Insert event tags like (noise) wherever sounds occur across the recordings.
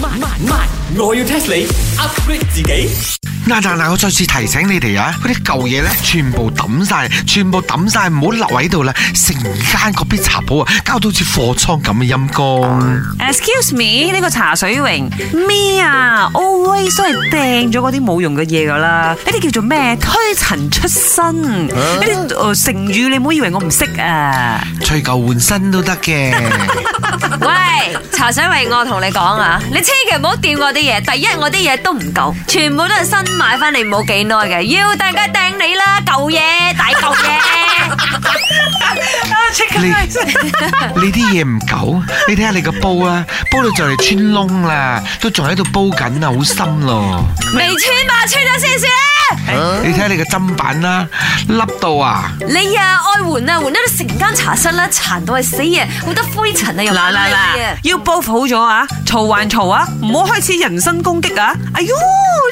唔係唔係，我要 test 你 upgrade 自己。嗱嗱嗱，我再次提醒你哋啊，嗰啲舊嘢咧，全部抌晒，全部抌晒，唔好留喺度啦。成間嗰啲茶舖啊，搞到好似貨倉咁嘅陰功。Excuse me，呢個茶水榮咩啊？Always 都係掟咗嗰啲冇用嘅嘢噶啦。呢啲叫做咩？推陳出新。呢啲哦成語，你唔好以為我唔識啊。除舊換新都得嘅。喂，茶水位我同你講啊，你千祈唔好掂我啲嘢。第一，我啲嘢都唔夠，全部都係新買翻嚟冇幾耐嘅，要大家掟你啦，舊嘢大舊嘢。 (laughs) 你啲嘢唔夠，你睇下你個煲啊，煲到就嚟穿窿啦，都仲喺度煲緊啊，好深咯。未穿啊，穿咗先算。你睇下你個砧板啦，凹到啊！你啊，愛換啊，換你成間茶室啦，殘到係死啊，好多灰塵啊，又難清理。要鋪好咗啊，嘈還嘈啊，唔好開始人身攻擊啊！哎喲，呢、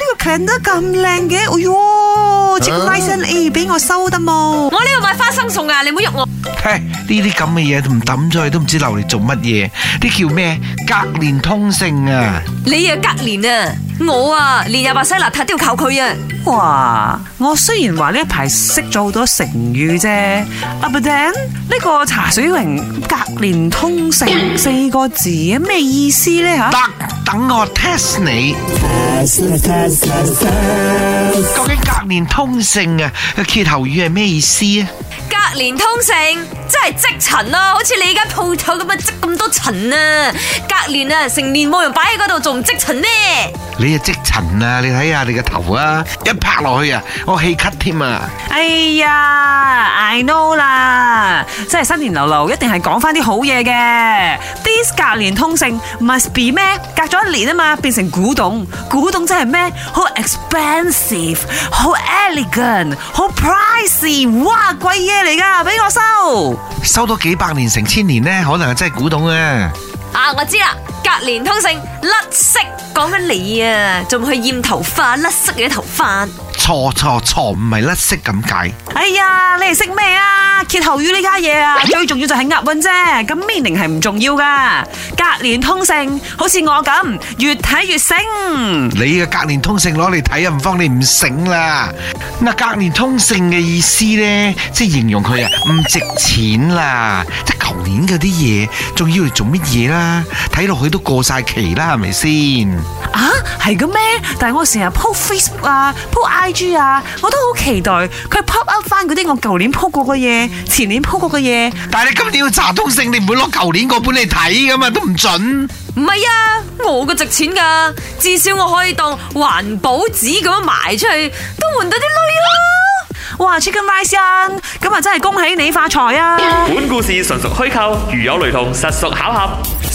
呢個揀得咁靚嘅，哎喲，隻麥身你俾我收得冇？啊、我呢個買花生送啊，你唔好喐我。嘿，呢啲咁嘅嘢唔抌咗去，都唔知留嚟做乜嘢？啲叫咩？隔年通勝啊！你啊，隔年啊！我啊，連日巴西納塔都要靠佢啊！哇，我雖然話呢一排識咗好多成語啫，阿伯頂呢個茶水榮隔年通勝四個字啊，咩意思咧吓？得，等我 test 你，究竟隔年通勝啊嘅歇後語係咩意思啊？隔年通勝，真係積塵咯，好似你而家鋪頭咁啊，積咁多塵啊！隔年啊，成年冇人擺喺嗰度，仲唔積塵呢？你啊積塵啊，你睇下你個頭啊，一拍落去咳咳啊，我氣咳添啊！哎呀～新年流流一定係講翻啲好嘢嘅，this 隔年通勝 must be 咩？隔咗一年啊嘛，變成古董，古董真係咩？好 expensive，好 elegant，好 pricy，哇，貴嘢嚟噶，俾我收，收到幾百年成千年咧，可能係真係古董啊！啊，我知啦，隔年通勝甩色，講緊你啊？仲去染頭髮甩色嘅頭髮？錯錯錯，唔係甩色咁解。哎呀，你哋識咩啊？歇後語呢家嘢啊，最重要就係押韻啫。咁 meaning 係唔重要噶。隔年通勝，好似我咁，越睇越醒。你嘅隔年通勝攞嚟睇啊，唔方你唔醒啦。嗱，隔年通勝嘅意思咧，即係形容佢啊，唔值錢啦。即係舊年嗰啲嘢，仲要嚟做乜嘢啦？睇落去都過晒期啦，係咪先？吓，係咁咩？但係我成日 po Facebook 啊，po I G 啊，我都好期待佢 pop up 翻嗰啲我舊年 po 過嘅嘢，前年 po 過嘅嘢。但係你今年要查通勝，你唔會攞舊年嗰本嚟睇噶嘛？都唔準。唔係啊，我嘅值錢噶，至少我可以當環保紙咁樣賣出去，都換到啲鐳咯。哇，Chicken Tyson，咁啊真係恭喜你發財啊！本故事純屬虛構，如有雷同，實屬巧合。